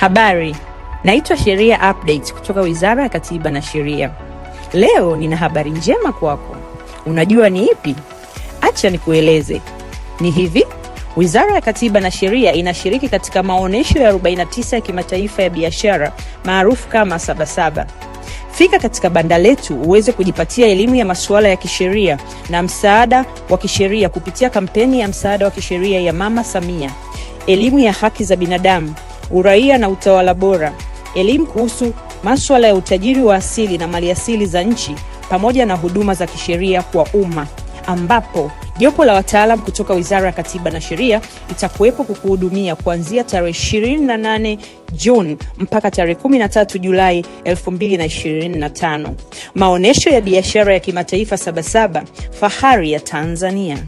Habari, naitwa Sheria Update kutoka Wizara ya Katiba na Sheria. Leo nina habari njema kwako. Unajua ni ipi? Acha nikueleze. Ni hivi, Wizara ya Katiba na Sheria inashiriki katika maonyesho ya 49 ya kimataifa ya biashara maarufu kama Sabasaba. Fika katika banda letu uweze kujipatia elimu ya masuala ya kisheria na msaada wa kisheria kupitia kampeni ya msaada wa kisheria ya Mama Samia, elimu ya haki za binadamu uraia na utawala bora, elimu kuhusu masuala ya utajiri wa asili na maliasili za nchi, pamoja na huduma za kisheria kwa umma, ambapo jopo la wataalam kutoka Wizara ya Katiba na Sheria itakuwepo kukuhudumia kuanzia tarehe 28 Juni mpaka tarehe 13 Julai 2025. Maonyesho ya biashara ya kimataifa Sabasaba, fahari ya Tanzania.